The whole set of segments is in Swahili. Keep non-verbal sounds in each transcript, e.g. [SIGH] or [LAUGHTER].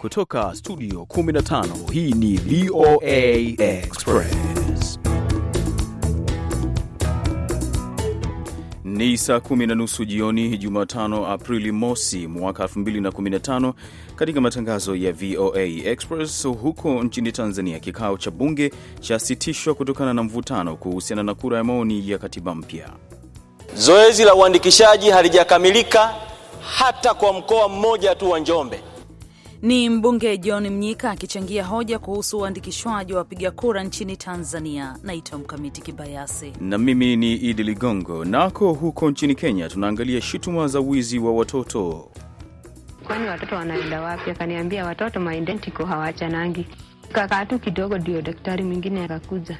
Kutoka studio 15 hii ni VOA Express. Ni saa kumi na nusu jioni Jumatano, Aprili mosi mwaka 2015. Katika matangazo ya VOA Express, huko nchini Tanzania, kikao cha bunge chasitishwa kutokana na mvutano kuhusiana na kura ya maoni ya katiba mpya. Zoezi la uandikishaji halijakamilika hata kwa mkoa mmoja tu wa Njombe. Ni mbunge John Mnyika akichangia hoja kuhusu uandikishwaji wa wapiga kura nchini Tanzania. Naitwa Mkamiti Kibayasi na mimi ni Idi Ligongo. Nako huko nchini Kenya tunaangalia shutuma za wizi wa watoto. Kwani watoto wanaenda wapi? Akaniambia watoto maidentiko hawachanangi. Kakaa tu kidogo, ndio daktari mwingine akakuja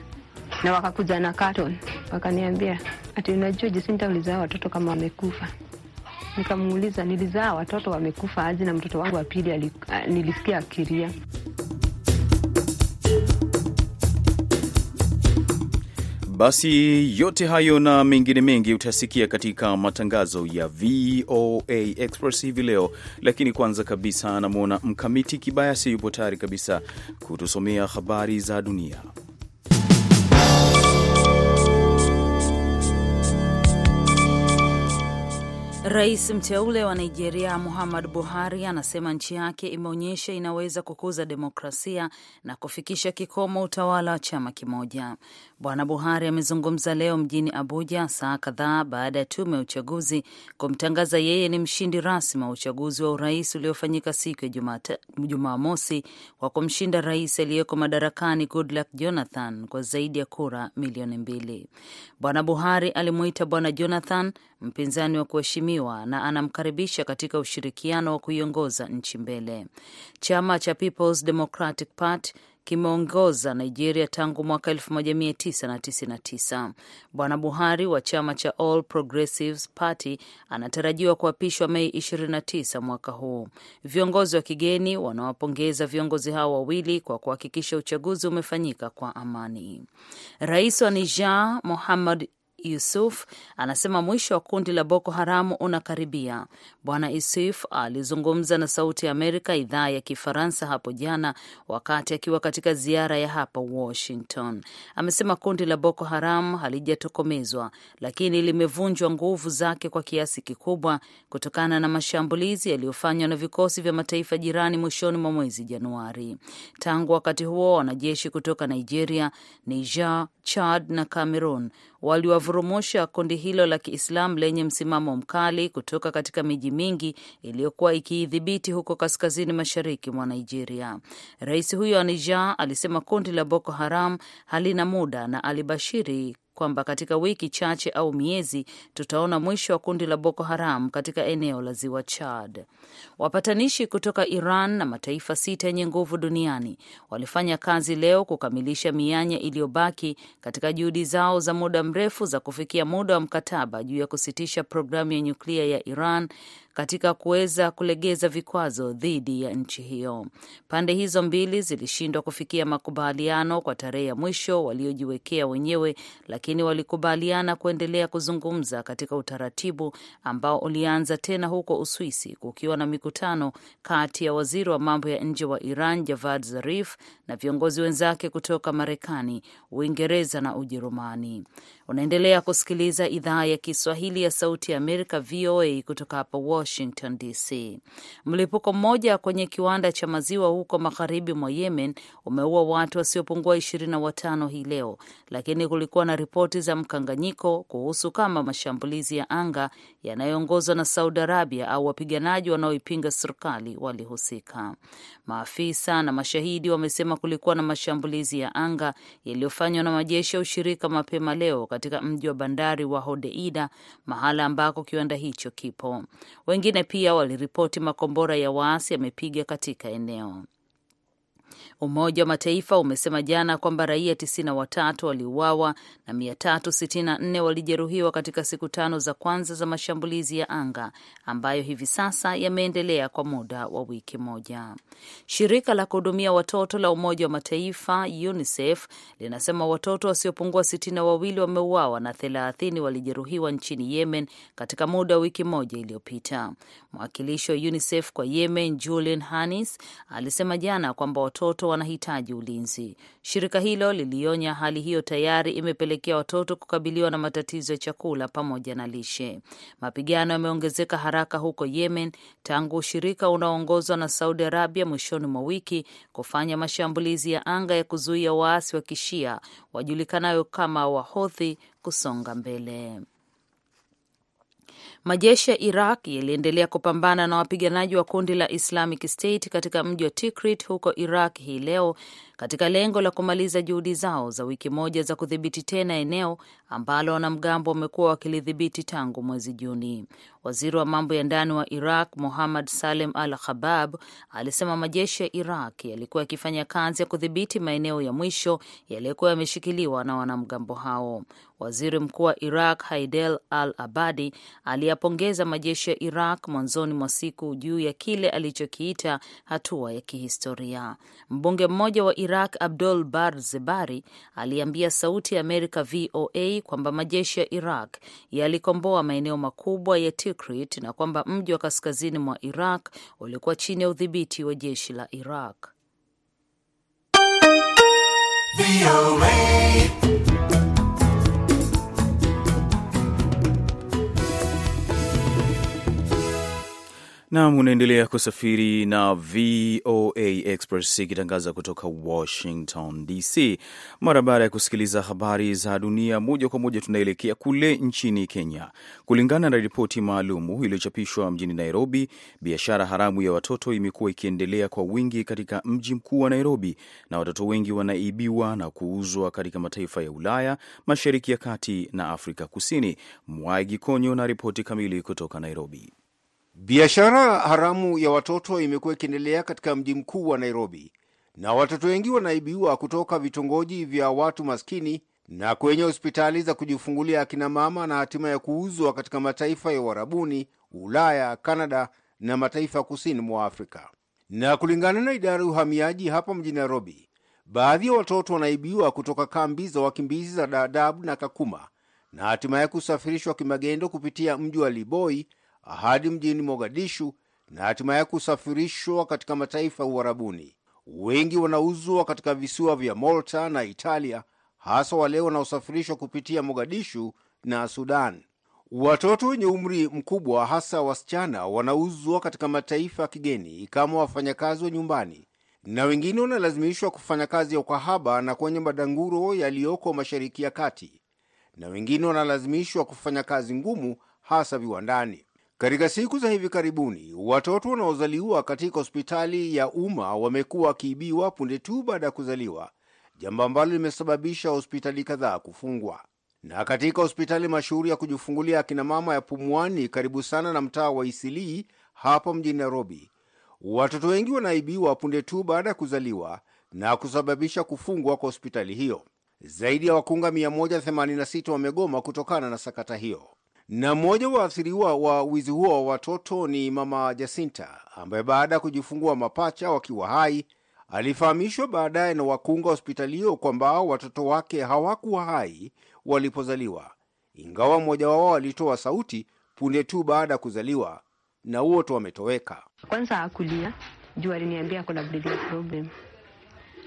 na wakakuja na carton wakaniambia ati unajua Jacinta ulizaa watoto kama wamekufa. Nikamuuliza, nilizaa watoto wamekufa aje na mtoto wangu wa pili nilisikia akilia. Basi yote hayo na mengine mengi utasikia katika matangazo ya VOA Express hivi leo, lakini kwanza kabisa anamwona Mkamiti Kibayasi yupo tayari kabisa kutusomea habari za dunia. Rais mteule wa Nigeria Muhammad Buhari anasema nchi yake imeonyesha inaweza kukuza demokrasia na kufikisha kikomo utawala wa chama kimoja. Bwana Buhari amezungumza leo mjini Abuja, saa kadhaa baada ya tume ya uchaguzi kumtangaza yeye ni mshindi rasmi wa uchaguzi wa urais uliofanyika siku ya Jumamosi kwa kumshinda rais aliyeko madarakani Goodluck Jonathan kwa zaidi ya kura milioni mbili. Bwana Buhari alimuita Bwana Jonathan mpinzani wa kuheshimiwa na anamkaribisha katika ushirikiano wa kuiongoza nchi mbele. Chama cha People's Democratic Party kimeongoza Nigeria tangu mwaka 1999. Bwana Buhari wa chama cha All Progressives Party anatarajiwa kuapishwa Mei 29 mwaka huu. Viongozi wa kigeni wanawapongeza viongozi hao wawili kwa kuhakikisha uchaguzi umefanyika kwa amani. Rais wa Niger Mohamed Yusuf anasema mwisho wa kundi la Boko Haramu unakaribia. Bwana Yusuf alizungumza na Sauti ya Amerika idhaa ya Kifaransa hapo jana wakati akiwa katika ziara ya hapa Washington. Amesema kundi la Boko Haramu halijatokomezwa, lakini limevunjwa nguvu zake kwa kiasi kikubwa kutokana na mashambulizi yaliyofanywa na vikosi vya mataifa jirani mwishoni mwa mwezi Januari. Tangu wakati huo wanajeshi kutoka Nigeria, Niger, Chad na Cameroon waliwavurumusha kundi hilo la Kiislamu lenye msimamo mkali kutoka katika miji mingi iliyokuwa ikiidhibiti huko kaskazini mashariki mwa Nigeria. Rais huyo wa Niger alisema kundi la Boko Haram halina muda na alibashiri kwamba katika wiki chache au miezi tutaona mwisho wa kundi la Boko Haram katika eneo la ziwa Chad. Wapatanishi kutoka Iran na mataifa sita yenye nguvu duniani walifanya kazi leo kukamilisha mianya iliyobaki katika juhudi zao za muda mrefu za kufikia muda wa mkataba juu ya kusitisha programu ya nyuklia ya Iran katika kuweza kulegeza vikwazo dhidi ya nchi hiyo. Pande hizo mbili zilishindwa kufikia makubaliano kwa tarehe ya mwisho waliojiwekea wenyewe, lakini walikubaliana kuendelea kuzungumza katika utaratibu ambao ulianza tena huko Uswisi, kukiwa na mikutano kati ya waziri wa mambo ya nje wa Iran Javad Zarif na viongozi wenzake kutoka Marekani, Uingereza na Ujerumani. Unaendelea kusikiliza idhaa ya Kiswahili ya Sauti ya Amerika, VOA, kutoka hapa Washington DC. Mlipuko mmoja kwenye kiwanda cha maziwa huko magharibi mwa Yemen umeua watu wasiopungua ishirini na watano hii leo, lakini kulikuwa na ripoti za mkanganyiko kuhusu kama mashambulizi ya anga yanayoongozwa na Saudi Arabia au wapiganaji wanaoipinga serikali walihusika. Maafisa na mashahidi wamesema kulikuwa na mashambulizi ya anga yaliyofanywa na majeshi ya ushirika mapema leo katika mji wa bandari wa Hodeida, mahala ambako kiwanda hicho kipo. Wengine pia waliripoti makombora ya waasi yamepiga katika eneo. Umoja wa Mataifa umesema jana kwamba raia watatu waliuawa na 364 walijeruhiwa katika siku tano za kwanza za mashambulizi ya anga ambayo hivi sasa yameendelea kwa muda wa wiki moja. Shirika la kuhudumia watoto la Umoja wa Mataifa UNICEF linasema watoto wasiopungua wawili wameuawa na 30 walijeruhiwa nchini Yemen katika muda wa wiki moja iliyopita. Mwakilishi wa UNICEF kwa Yemen Julian Hanis alisema jana kwamba watoto watoto wanahitaji ulinzi. Shirika hilo lilionya hali hiyo tayari imepelekea watoto kukabiliwa na matatizo ya chakula pamoja na lishe. Mapigano yameongezeka haraka huko Yemen tangu ushirika unaoongozwa na Saudi Arabia mwishoni mwa wiki kufanya mashambulizi ya anga ya kuzuia waasi wa kishia wajulikanayo kama Wahodhi kusonga mbele. Majeshi ya Iraq yaliendelea kupambana na wapiganaji wa kundi la Islamic State katika mji wa Tikrit huko Iraq hii leo katika lengo la kumaliza juhudi zao za wiki moja za kudhibiti tena eneo ambalo wanamgambo wamekuwa wakilidhibiti tangu mwezi Juni. Waziri wa mambo ya ndani wa Iraq Muhammad Salem Al Khabab alisema majeshi ya Iraq yalikuwa yakifanya kazi ya kudhibiti maeneo ya mwisho yaliyokuwa yameshikiliwa na wanamgambo hao. Waziri mkuu wa Iraq Haidel al Abadi aliyapongeza majeshi ya Iraq mwanzoni mwa siku juu ya kile alichokiita hatua ya kihistoria. Mbunge mmoja wa Iraq Abdul Bar Zebari aliambia Sauti ya Amerika VOA kwamba majeshi ya Iraq yalikomboa maeneo makubwa ya Tikrit na kwamba mji wa kaskazini mwa Iraq ulikuwa chini ya udhibiti wa jeshi la Iraq. Nam, unaendelea kusafiri na VOA Express ikitangaza kutoka Washington DC. Mara baada ya kusikiliza habari za dunia moja kwa moja, tunaelekea kule nchini Kenya. Kulingana na ripoti maalumu iliyochapishwa mjini Nairobi, biashara haramu ya watoto imekuwa ikiendelea kwa wingi katika mji mkuu wa Nairobi, na watoto wengi wanaibiwa na kuuzwa katika mataifa ya Ulaya, Mashariki ya Kati na Afrika Kusini. Mwagi Konyo na ripoti kamili kutoka Nairobi. Biashara haramu ya watoto imekuwa ikiendelea katika mji mkuu wa Nairobi, na watoto wengi wanaibiwa kutoka vitongoji vya watu maskini na kwenye hospitali za kujifungulia akina mama na ya kuuzwa katika mataifa ya Uarabuni, Ulaya, Kanada na mataifa ya kusini mwa Afrika. Na kulingana na idara ya uhamiaji hapa mjini Nairobi, baadhi ya watoto wanaibiwa kutoka kambi za wakimbizi za Dadaab na Kakuma na hatimaye kusafirishwa kimagendo kupitia mji wa Liboi hadi mjini Mogadishu na hatimaye kusafirishwa katika mataifa ya Uarabuni. Wengi wanauzwa katika visiwa vya Malta na Italia, hasa wale wanaosafirishwa kupitia Mogadishu na Sudan. Watoto wenye umri mkubwa, hasa wasichana, wanauzwa katika mataifa ya kigeni kama wafanyakazi wa nyumbani, na wengine wanalazimishwa kufanya kazi ya ukahaba na kwenye madanguro yaliyoko Mashariki ya Kati, na wengine wanalazimishwa kufanya kazi ngumu, hasa viwandani. Katika siku za hivi karibuni, watoto wanaozaliwa katika hospitali ya umma wamekuwa wakiibiwa punde tu baada ya kuzaliwa, jambo ambalo limesababisha hospitali kadhaa kufungwa. Na katika hospitali mashuhuri ya kujifungulia akinamama ya Pumwani, karibu sana na mtaa wa Isilii hapa mjini Nairobi, watoto wengi wanaibiwa punde tu baada ya kuzaliwa na kusababisha kufungwa kwa hospitali hiyo. Zaidi ya wakunga 186 wamegoma kutokana na sakata hiyo. Na mmoja wa athiriwa wa wizi huo wa watoto ni mama Jacinta ambaye baada ya kujifungua mapacha wakiwa hai alifahamishwa baadaye na wakunga hospitali hiyo kwamba watoto wake hawakuwa hai walipozaliwa, ingawa mmoja wao alitoa sauti punde tu baada ya kuzaliwa na wote wametoweka. Kwanza hakulia juu aliniambia kuna breathing problem,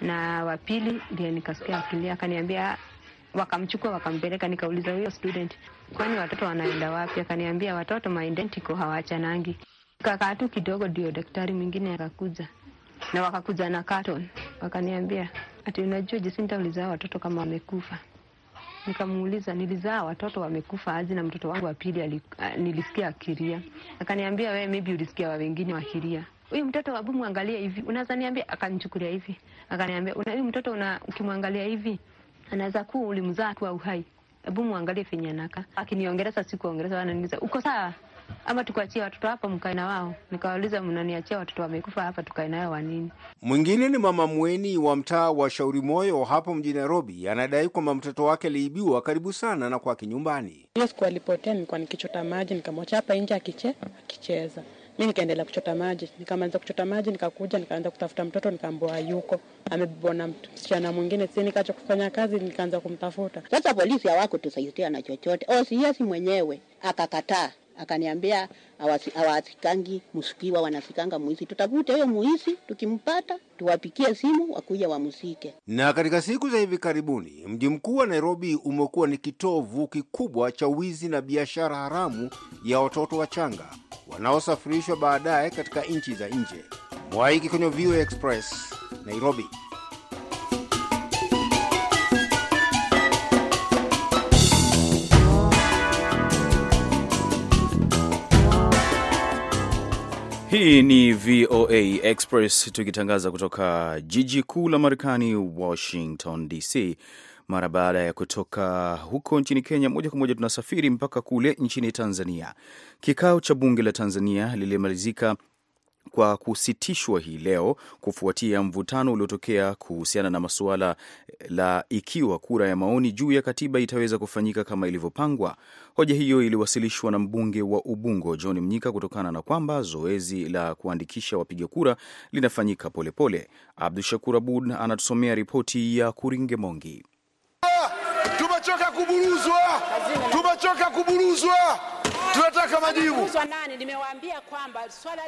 na wa pili ndiye nikasikia akilia, akaniambia, wakamchukua wakampeleka. Nikauliza huyo student kwani watoto wanaenda wapi? Akaniambia watoto identical hawachanangi. Kakaa tu kidogo, ndio daktari mwingine akakuja na wakakuja na carton, wakaniambia ati unajua Jacinta, ulizaa watoto kama wamekufa. Nikamuuliza, nilizaa watoto wamekufa aje? na mtoto wangu wa pili nilisikia akilia. Akaniambia wewe, maybe ulisikia wa wengine wakilia huyu mtoto wa bumu, angalia hivi, unaweza niambia? Akanichukulia hivi, akaniambia huyu mtoto una, ukimwangalia hivi anaweza kuwa ulimzaa tu uhai hebu muangalie venye anakaa. Akiniongeleza sikuongeleza, wananiuliza uko sawa ama tukuachie watoto hapa mkae na wao. Nikawauliza, mnaniachia watoto wamekufa hapa, tukae nayo wa nini? Mwingine ni mama mweni wa mtaa wa Shauri Moyo hapo mjini Nairobi, anadai kwamba mtoto wake aliibiwa karibu sana na kwake nyumbani. Hiyo siku alipotea, nilikuwa nikichota maji, nikamwacha hapa nje akiche akicheza Mi nikaendelea kuchota maji, nikamaliza kuchota maji, nikakuja nikaanza kutafuta mtoto, nikaambua yuko amebebwa na msichana mwingine. Si nikaacha kufanya kazi, nikaanza kumtafuta. Sasa polisi hawako na chochote, OCS oh, mwenyewe akakataa akaniambia hawafikangi msikiwa, wanafikanga mwizi Tutafute huyo muizi, tukimpata tuwapikie simu wakuja wamusike Na katika siku za hivi karibuni, mji mkuu wa Nairobi umekuwa ni kitovu kikubwa cha wizi na biashara haramu ya watoto wachanga wanaosafirishwa baadaye katika nchi za nje. Mwaiki kwenye VOA Express, Nairobi. Hii ni VOA Express tukitangaza kutoka jiji kuu la Marekani, Washington DC. Mara baada ya kutoka huko nchini Kenya, moja kwa moja tunasafiri mpaka kule nchini Tanzania. Kikao cha bunge la Tanzania lilimalizika kwa kusitishwa hii leo kufuatia mvutano uliotokea kuhusiana na masuala la ikiwa kura ya maoni juu ya katiba itaweza kufanyika kama ilivyopangwa. Hoja hiyo iliwasilishwa na mbunge wa Ubungo John Mnyika kutokana na kwamba zoezi la kuandikisha wapiga kura linafanyika polepole. Abdu Shakur Abud anatusomea ripoti ya Kuringe Mongi. Tumechoka kuburuzwa, tumechoka kuburuzwa tunataka majibu.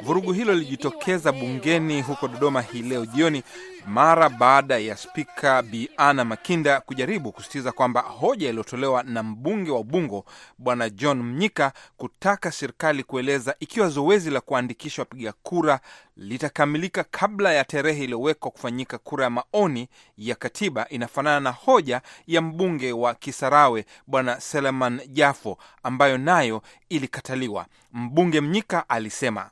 Vurugu hilo lilijitokeza bungeni huko Dodoma hii leo jioni mara baada ya spika Biana Makinda kujaribu kusisitiza kwamba hoja iliyotolewa na mbunge wa Ubungo Bwana John Mnyika kutaka serikali kueleza ikiwa zoezi la kuandikisha wapiga kura litakamilika kabla ya tarehe iliyowekwa kufanyika kura ya maoni ya katiba, inafanana na hoja ya mbunge wa Kisarawe Bwana Seleman Jafo ambayo nayo ilikataliwa. Mbunge Mnyika alisema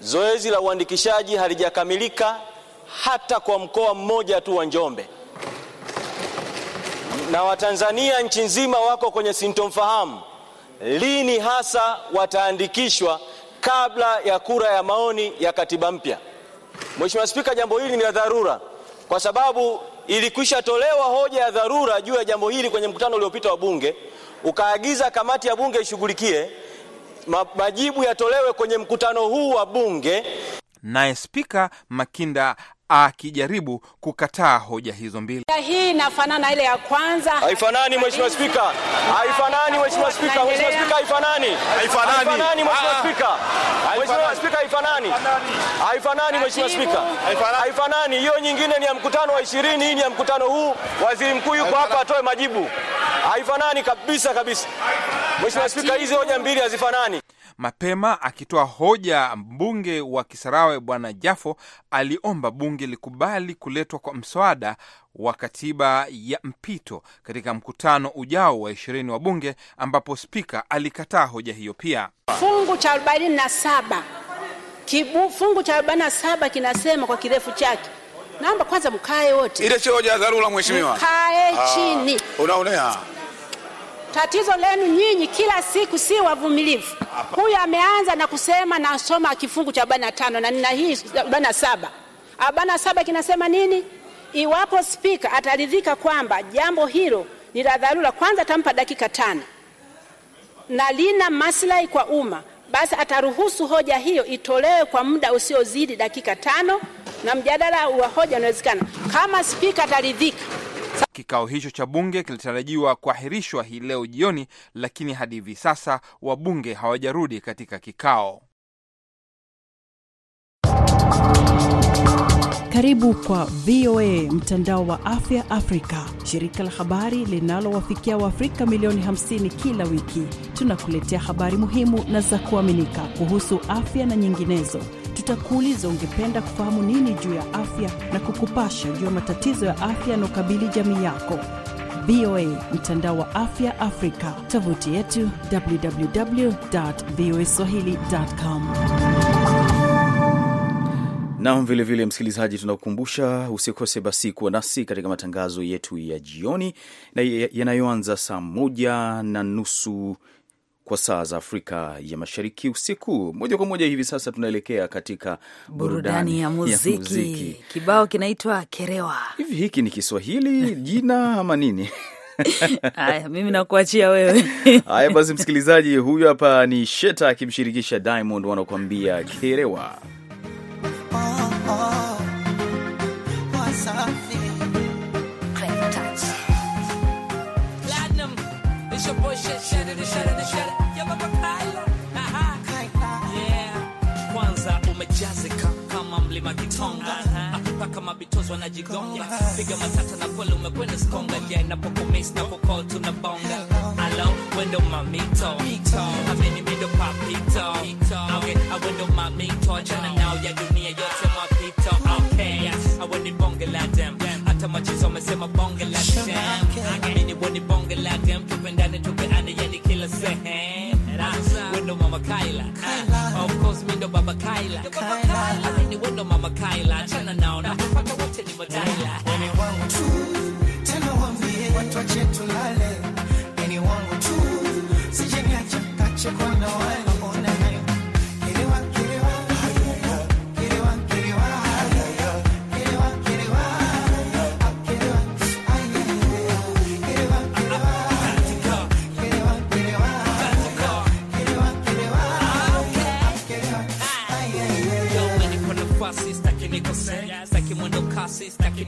zoezi la uandikishaji halijakamilika hata kwa mkoa mmoja tu wa Njombe, na Watanzania nchi nzima wako kwenye sintomfahamu lini hasa wataandikishwa kabla ya kura ya maoni ya katiba mpya. Mheshimiwa Spika, jambo hili ni la dharura kwa sababu ilikwisha tolewa hoja ya dharura juu ya jambo hili kwenye mkutano uliopita wa Bunge, ukaagiza kamati ya Bunge ishughulikie majibu yatolewe kwenye mkutano huu wa Bunge. Naye Spika Makinda akijaribu kukataa hoja hizo mbili. Hii inafanana ile ya kwanza. Haifanani mheshimiwa spika, haifanani mheshimiwa spika, mheshimiwa spika, haifanani, haifanani mheshimiwa ah, ah. spika, mheshimiwa spika, haifanani, haifanani mheshimiwa spika, haifanani. Hiyo nyingine ni ya mkutano wa ishirini, hii ni ya mkutano huu. Waziri mkuu yuko hapa atoe majibu. Haifanani kabisa kabisa, mheshimiwa spika, hizi hoja mbili hazifanani. Mapema akitoa hoja, mbunge wa Kisarawe Bwana Jafo aliomba bunge likubali kuletwa kwa mswada wa katiba ya mpito katika mkutano ujao wa ishirini wa bunge, ambapo spika alikataa hoja hiyo. Pia fungu cha 47 kibu fungu cha saba kinasema kwa kirefu chake Naomba kwanza mkae wote. Ile sio hoja ya dharura mheshimiwa. Kae ah, chini. Unaonea. Tatizo lenu nyinyi kila siku si wavumilivu. Huyu ameanza na kusema nasoma kifungu cha arobaini na tano na nina hii arobaini na saba arobaini na saba kinasema nini? Iwapo spika ataridhika kwamba jambo hilo ni la dharura, kwanza atampa dakika tano na lina maslahi kwa umma, basi ataruhusu hoja hiyo itolewe kwa muda usiozidi dakika tano na mjadala wa hoja unawezekana, kama spika ataridhika Kikao hicho cha bunge kilitarajiwa kuahirishwa hii leo jioni, lakini hadi hivi sasa wabunge hawajarudi katika kikao. Karibu kwa VOA mtandao wa afya Afrika, shirika la habari linalowafikia Waafrika milioni 50 kila wiki. Tunakuletea habari muhimu na za kuaminika kuhusu afya na nyinginezo tutakuuliza ungependa kufahamu nini juu ya afya na kukupasha juu ya matatizo ya afya yanaokabili jamii yako. VOA mtandao wa afya Afrika, tovuti yetu www.voaswahili.com. nam vilevile msikilizaji, tunakukumbusha usikose basi kuwa nasi katika matangazo yetu ya jioni na yanayoanza saa moja na nusu kwa saa za Afrika ya Mashariki usiku. Moja kwa moja hivi sasa tunaelekea katika burudani ya muziki, ya muziki. Kibao kinaitwa Kerewa. Hivi hiki ni Kiswahili jina ama nini? Haya, [LAUGHS] mimi nakuachia wewe. Haya [LAUGHS] basi, msikilizaji, huyu hapa ni Sheta akimshirikisha Diamond, wanakuambia Kerewa. oh, oh, It's your boy shit, shut it, shut it, shut it. Yeah, baba kaila. Aha. Yeah. Kwanza umejazika kama mlima Kitonga. Akipa kama bitozo wanajigonga. Piga matata na kweli umekwenda skonga. Yeah, napokumiss na kukol tunabonga. Hello, wendo mamito. Amini mido papito. Okay, awendo mamito. chana nao ya dunia yote mwapito. Okay, I awendibonge la dem hata machizo wamesema bonge la sham, mini woni bonge lake, mtupe ndani tupe ane, yani kila sehemu ah, wendo mama Kaila, ah, Of course mi baba Kaila, Amini wendo ah, mama Kaila, chana naona hata wote ni mataila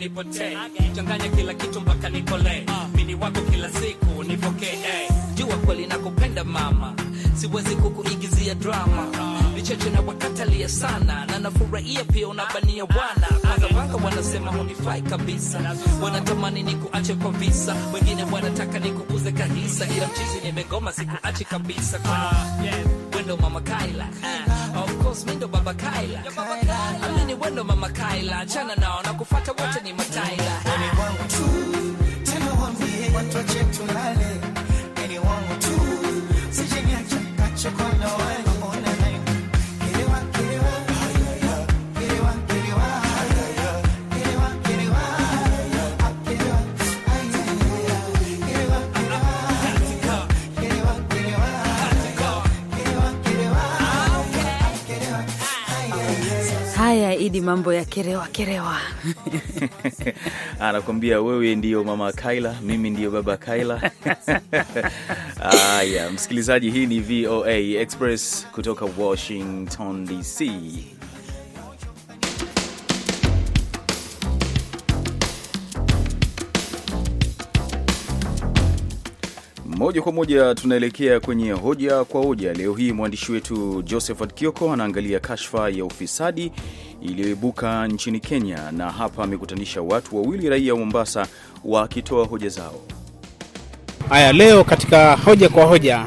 usinipotee, changanya kila kitu mpaka nikole mini wako kila siku nipokee. Eh. Jua kweli nakupenda mama, siwezi kukuigizia drama, vicheche na wakatalia sana na nafurahia pia unabania bwana pangapanga, wanasema hunifai kabisa, wanatamani ni nikuache kwa visa, wengine wanataka ni nikuuze kanisa ila mchizi nimegoma, sikuachi kabisa kwa ah, wendo mama Kaila ah. course mindo baba Kaila, Kaila. Amini wendo mama Kaila, chana nao na kufata wote ni mataila. Eni wangu tu, tena wambie watu wache tulale. Eni wangu tu, sije niacha kacho kwa nawa. zaidi mambo ya kerewa kerewa [LAUGHS] anakuambia wewe ndiyo mama Kaila, mimi ndiyo baba Kaila. [LAUGHS] aya msikilizaji, hii ni VOA Express kutoka Washington DC. Moja kwa moja tunaelekea kwenye hoja kwa hoja. Leo hii mwandishi wetu Josephat Kioko anaangalia kashfa ya ufisadi iliyoibuka nchini Kenya, na hapa amekutanisha watu wawili raia wa Mombasa wakitoa hoja zao. Haya, leo katika hoja kwa hoja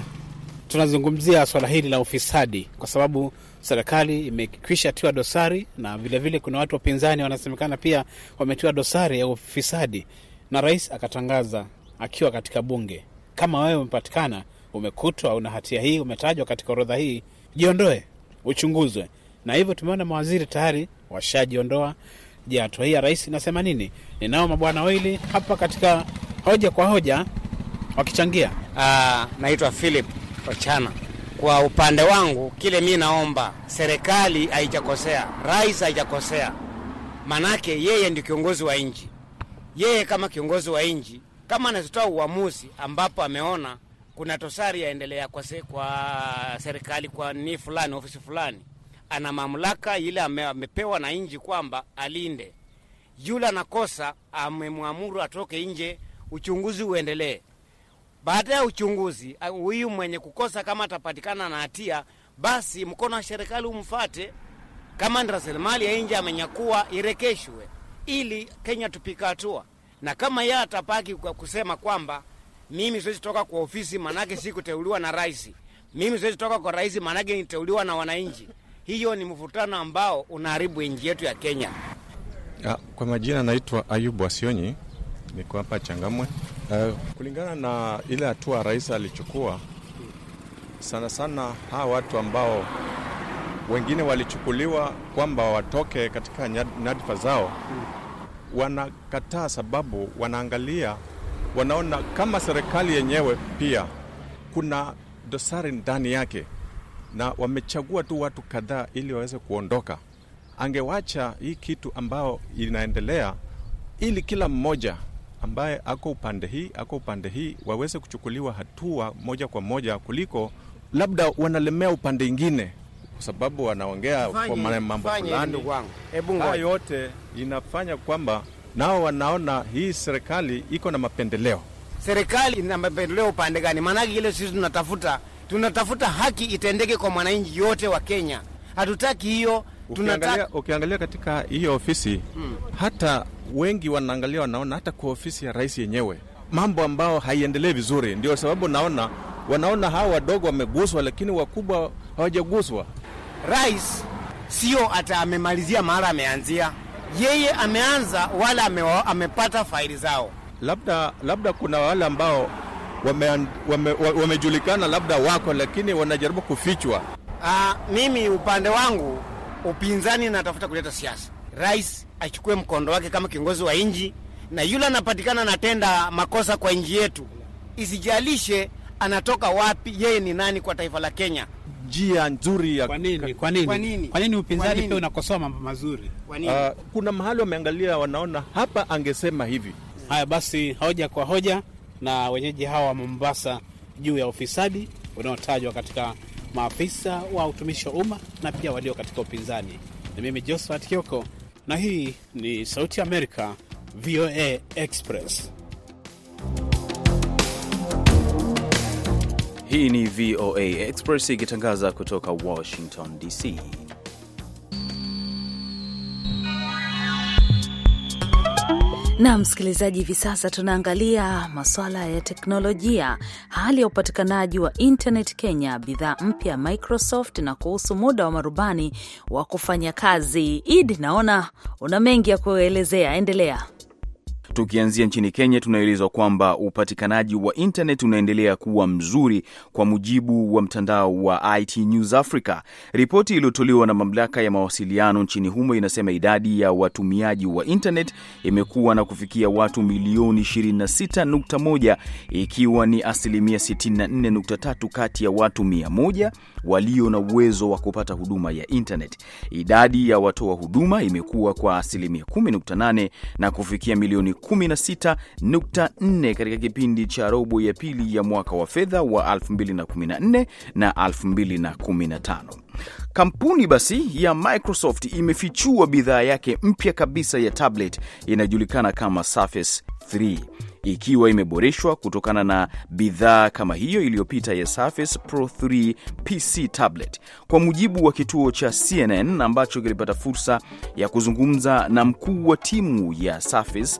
tunazungumzia swala hili la ufisadi, kwa sababu serikali imekwisha tiwa dosari na vilevile vile kuna watu wapinzani wanasemekana pia wametiwa dosari ya ufisadi, na rais akatangaza akiwa katika bunge, kama wewe umepatikana umekutwa una hatia hii, umetajwa katika orodha hii, jiondoe, uchunguzwe na hivyo tumeona mawaziri tayari washajiondoa. Je, hatua hii ya rais inasema nini? Ninao mabwana wawili hapa katika hoja kwa hoja wakichangia. Aa, ah, naitwa Philip Ochana. Kwa upande wangu, kile mi naomba, serikali haijakosea, rais haijakosea, manake yeye ndio kiongozi wa nchi. Yeye kama kiongozi wa nchi, kama anazitoa uamuzi ambapo ameona kuna tosari yaendelea kwa, se, kwa serikali kwa ni fulani ofisi fulani ana mamlaka ile amepewa na nchi kwamba alinde. Yule anakosa amemwamuru atoke nje, uchunguzi uendelee. Baada ya uchunguzi, huyu mwenye kukosa kama atapatikana na hatia, basi mkono wa serikali umfate. Kama ni rasilimali ya nje amenyakua, irekeshwe ili Kenya tupika hatua, na kama yeye atapaki kwa kusema kwamba mimi siwezi toka kwa ofisi, manake sikuteuliwa na rais, mimi siwezi toka kwa rais, maanake niteuliwa na wananchi hiyo ni mvutano ambao unaharibu nchi yetu ya Kenya. Ya, kwa majina naitwa Ayubu Asionyi, niko hapa Changamwe. Uh, kulingana na ile hatua rais alichukua, sana sana hawa watu ambao wengine walichukuliwa kwamba watoke katika nyadhifa zao, wanakataa sababu wanaangalia, wanaona kama serikali yenyewe pia kuna dosari ndani yake na wamechagua tu watu kadhaa ili waweze kuondoka. Angewacha hii kitu ambayo inaendelea, ili kila mmoja ambaye ako upande hii ako upande hii waweze kuchukuliwa hatua moja kwa moja, kuliko labda wanalemea upande ingine kwa sababu wanaongea kwa mambo fulani. Haya yote inafanya kwamba nao wanaona hii serikali iko na mapendeleo. Serikali ina mapendeleo upande gani? Maanake ile sisi tunatafuta tunatafuta haki itendeke kwa mwananchi yote wa Kenya. Hatutaki hiyo Ukiangalia, ukiangalia katika hiyo ofisi hmm, hata wengi wanaangalia wanaona hata kwa ofisi ya rais yenyewe mambo ambayo haiendelee vizuri. Ndio sababu naona wanaona hawa wadogo wameguswa, lakini wakubwa hawajaguswa. Rais sio hata amemalizia mahala ameanzia, yeye ameanza wala ame, amepata faili zao. Labda labda kuna wale ambao wamejulikana wame, wame labda wako lakini wanajaribu kufichwa. Aa, ah, mimi upande wangu upinzani natafuta kuleta siasa. Rais achukue mkondo wake kama kiongozi wa nchi, na yule anapatikana natenda makosa kwa nchi yetu, isijalishe anatoka wapi, yeye ni nani kwa taifa la Kenya. Njia nzuri ya kwa nini, kwa nini, kwa nini, kwa nini upinzani pia unakosoa mambo mazuri? Uh, kuna mahali wameangalia, wanaona hapa angesema hivi. Haya basi, hoja kwa hoja na wenyeji hawa wa Mombasa juu ya ufisadi unaotajwa katika maafisa wa utumishi wa umma na pia walio katika upinzani. Ni mimi Josephat Kioko na hii ni Sauti ya Amerika, VOA Express. Hii ni VOA Express ikitangaza kutoka Washington DC. Na msikilizaji, hivi sasa tunaangalia masuala ya teknolojia, hali ya upatikanaji wa internet Kenya, bidhaa mpya Microsoft na kuhusu muda wa marubani wa kufanya kazi. Idi, naona una mengi ya kuelezea, endelea. Tukianzia nchini Kenya, tunaelezwa kwamba upatikanaji wa internet unaendelea kuwa mzuri kwa mujibu wa mtandao wa IT News Africa. Ripoti iliyotolewa na mamlaka ya mawasiliano nchini humo inasema idadi ya watumiaji wa internet imekuwa na kufikia watu milioni 26.1 ikiwa ni asilimia 64.3 kati ya watu 100 walio na uwezo wa kupata huduma ya internet. Idadi ya watoa huduma imekuwa kwa asilimia 10.8 na kufikia milioni 16.4 katika kipindi cha robo ya pili ya mwaka wa fedha wa 2014 na 2015. Kampuni basi ya Microsoft imefichua bidhaa yake mpya kabisa ya tablet inayojulikana kama Surface 3 ikiwa imeboreshwa kutokana na bidhaa kama hiyo iliyopita ya Surface Pro 3 PC tablet. Kwa mujibu wa kituo cha CNN ambacho kilipata fursa ya kuzungumza na mkuu wa timu ya Surface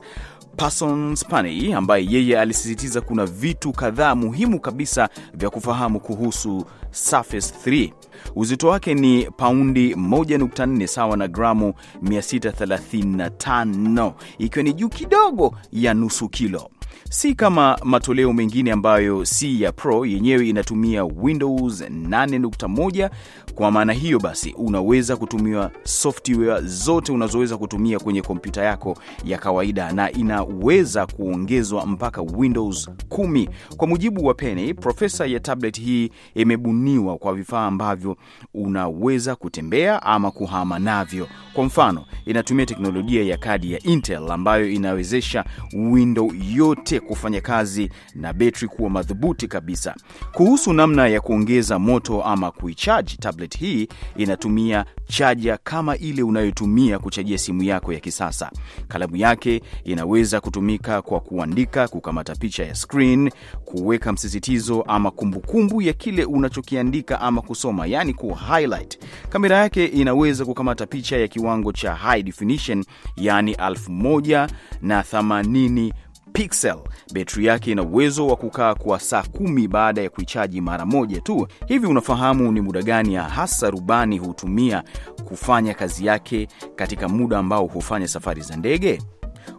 Parsons Pani ambaye yeye alisisitiza kuna vitu kadhaa muhimu kabisa vya kufahamu kuhusu Surface 3. Uzito wake ni paundi 1.4 sawa na gramu 635, ikiwa ni juu kidogo ya nusu kilo si kama matoleo mengine ambayo si ya Pro, yenyewe inatumia Windows 8.1. Kwa maana hiyo basi, unaweza kutumia software zote unazoweza kutumia kwenye kompyuta yako ya kawaida na inaweza kuongezwa mpaka Windows 10. Kwa mujibu wa Penny, profesa ya tablet hii imebuniwa kwa vifaa ambavyo unaweza kutembea ama kuhama navyo. Kwa mfano, inatumia teknolojia ya kadi ya Intel ambayo inawezesha window yote kufanya kazi na betri kuwa madhubuti kabisa. Kuhusu namna ya kuongeza moto ama kuichaji, tablet hii inatumia chaja kama ile unayotumia kuchajia simu yako ya kisasa. Kalamu yake inaweza kutumika kwa kuandika, kukamata picha ya screen, kuweka msisitizo ama kumbukumbu kumbu ya kile unachokiandika ama kusoma, yani ku highlight. Kamera yake inaweza kukamata picha ya kiwango cha high definition, yani 1080 Pixel. Betri yake ina uwezo wa kukaa kwa saa kumi baada ya kuichaji mara moja tu. Hivi unafahamu ni muda gani hasa rubani hutumia kufanya kazi yake katika muda ambao hufanya safari za ndege?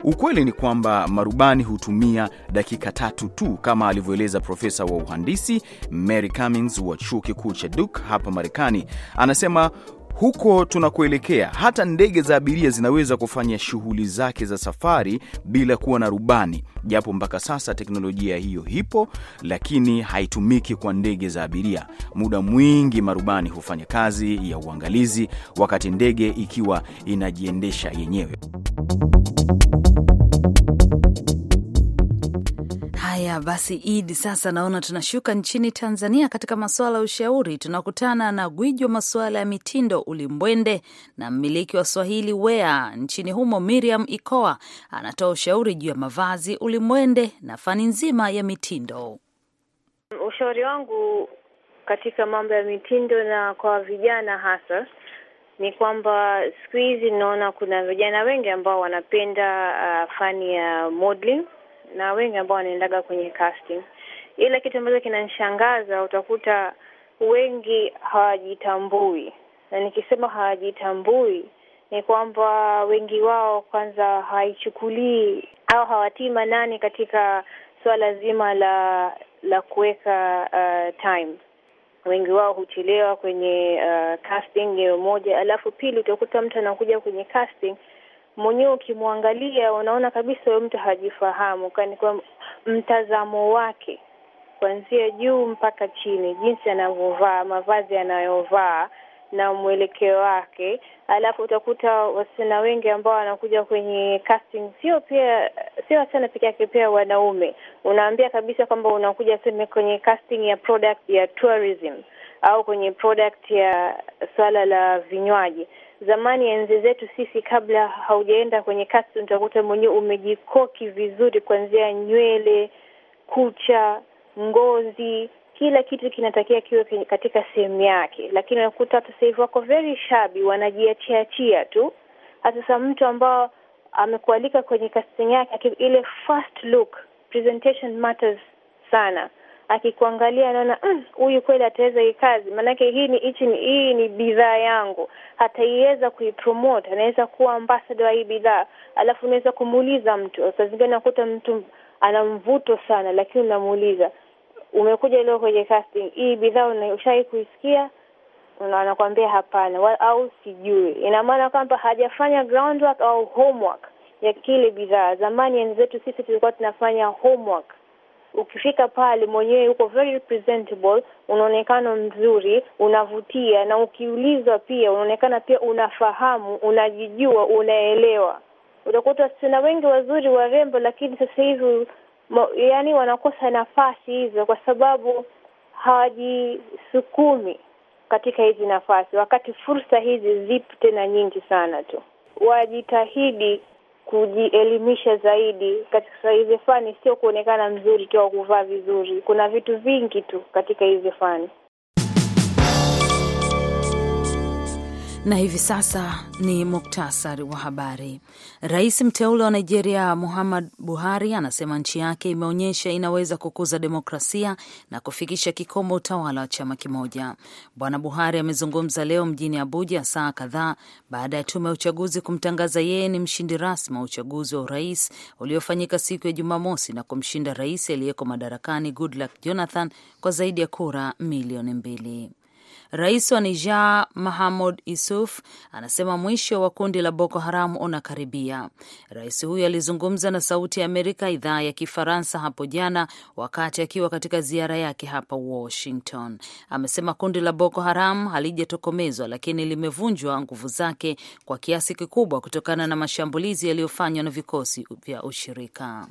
Ukweli ni kwamba marubani hutumia dakika tatu tu, kama alivyoeleza profesa wa uhandisi Mary Cummings wa chuo kikuu cha Duke hapa Marekani. Anasema huko tunakuelekea, hata ndege za abiria zinaweza kufanya shughuli zake za safari bila kuwa na rubani, japo mpaka sasa teknolojia hiyo hipo, lakini haitumiki kwa ndege za abiria. Muda mwingi marubani hufanya kazi ya uangalizi, wakati ndege ikiwa inajiendesha yenyewe. Haya basi, Idi, sasa naona tunashuka nchini Tanzania katika masuala ya ushauri. Tunakutana na gwiji wa masuala ya mitindo Ulimbwende na mmiliki wa Swahili Wea nchini humo Miriam Ikoa anatoa ushauri juu ya mavazi, ulimbwende na fani nzima ya mitindo. Ushauri wangu katika mambo ya mitindo na kwa vijana hasa ni kwamba siku hizi naona kuna vijana wengi ambao wanapenda uh, fani ya modeling na wengi ambao wanaendaga kwenye casting. Ila kitu ambacho kinanishangaza utakuta wengi hawajitambui, na nikisema hawajitambui ni kwamba wengi wao kwanza hawaichukulii au hawatii manani katika swala zima la la kuweka uh, time. Wengi wao huchelewa kwenye uh, casting hiyo moja, alafu pili utakuta mtu anakuja kwenye casting mwenyewe ukimwangalia unaona kabisa huyo mtu hajifahamu, kwani kwa mtazamo wake kuanzia juu mpaka chini, jinsi anavyovaa, mavazi anayovaa na mwelekeo wake. Alafu utakuta wasichana wengi ambao wanakuja kwenye casting, sio pia sio wasichana peke yake, pia wanaume. Unaambia kabisa kwamba unakuja sema kwenye casting ya product ya tourism au kwenye product ya swala la vinywaji zamani ya enzi zetu sisi, kabla haujaenda kwenye kasi, utakuta mwenyewe umejikoki vizuri, kuanzia nywele, kucha, ngozi, kila kitu kinatakiwa kiwe katika sehemu yake. Lakini unakuta hata sasa hivi wako very shabi, wanajiachiachia tu. Hata sasa mtu ambao amekualika kwenye casting yake, ile first look presentation matters sana akikuangalia anaona mm, huyu mm, kweli ataweza hii kazi, maanake hii ni hichi ni hii ni bidhaa yangu, hataiweza kuipromote, anaweza kuwa ambasada wa hii bidhaa. Alafu unaweza kumuuliza mtu, sazingine nakuta mtu ana mvuto sana, lakini unamuuliza umekuja leo kwenye casting, hii bidhaa ushai kuisikia? Anakuambia hapana, au sijui. Ina maana kwamba hajafanya groundwork au homework ya kile bidhaa. Zamani enzetu sisi tulikuwa tunafanya homework Ukifika pale mwenyewe uko very presentable, unaonekana mzuri, unavutia, na ukiulizwa pia unaonekana pia unafahamu, unajijua, unaelewa. Utakuta wasichana wengi wazuri warembo, lakini sasa hivi yaani wanakosa nafasi hizo kwa sababu hawajisukumi katika hizi nafasi, wakati fursa hizi zipo tena nyingi sana tu. Wajitahidi kujielimisha zaidi katika hizi fani, sio kuonekana mzuri tu au kuvaa vizuri. Kuna vitu vingi tu katika hizi fani. Na hivi sasa ni muktasari wa habari. Rais mteule wa Nigeria Muhammad Buhari anasema nchi yake imeonyesha inaweza kukuza demokrasia na kufikisha kikomo utawala wa chama kimoja. Bwana Buhari amezungumza leo mjini Abuja saa kadhaa baada ya tume ya uchaguzi kumtangaza yeye ni mshindi rasmi wa uchaguzi wa urais uliofanyika siku ya Jumamosi na kumshinda rais aliyeko madarakani Goodluck Jonathan kwa zaidi ya kura milioni mbili. Rais wa Niger Mahamud Isuf anasema mwisho wa kundi la Boko Haram unakaribia. Rais huyo alizungumza na Sauti ya Amerika idhaa ya Kifaransa hapo jana, wakati akiwa katika ziara yake hapa Washington. Amesema kundi la Boko Haram halijatokomezwa, lakini limevunjwa nguvu zake kwa kiasi kikubwa kutokana na mashambulizi yaliyofanywa na vikosi vya ushirika.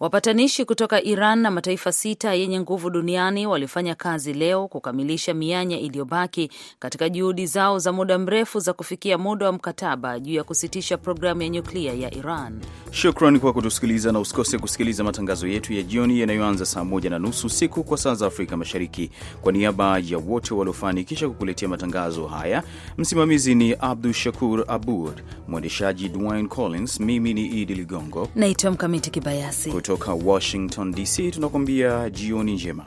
Wapatanishi kutoka Iran na mataifa sita yenye nguvu duniani walifanya kazi leo kukamilisha mianya iliyobaki katika juhudi zao za muda mrefu za kufikia muda wa mkataba juu ya kusitisha programu ya nyuklia ya Iran. Shukran kwa kutusikiliza na usikose kusikiliza matangazo yetu ya jioni yanayoanza saa moja na nusu siku kwa saa za Afrika Mashariki. Kwa niaba ya wote waliofanikisha kukuletea matangazo haya, msimamizi ni Abdu Shakur Abud, mwendeshaji Dwayne Collins, mimi ni Idi Ligongo naitwa Mkamiti Kibayasi. Kutoka Washington DC tunakuambia jioni njema.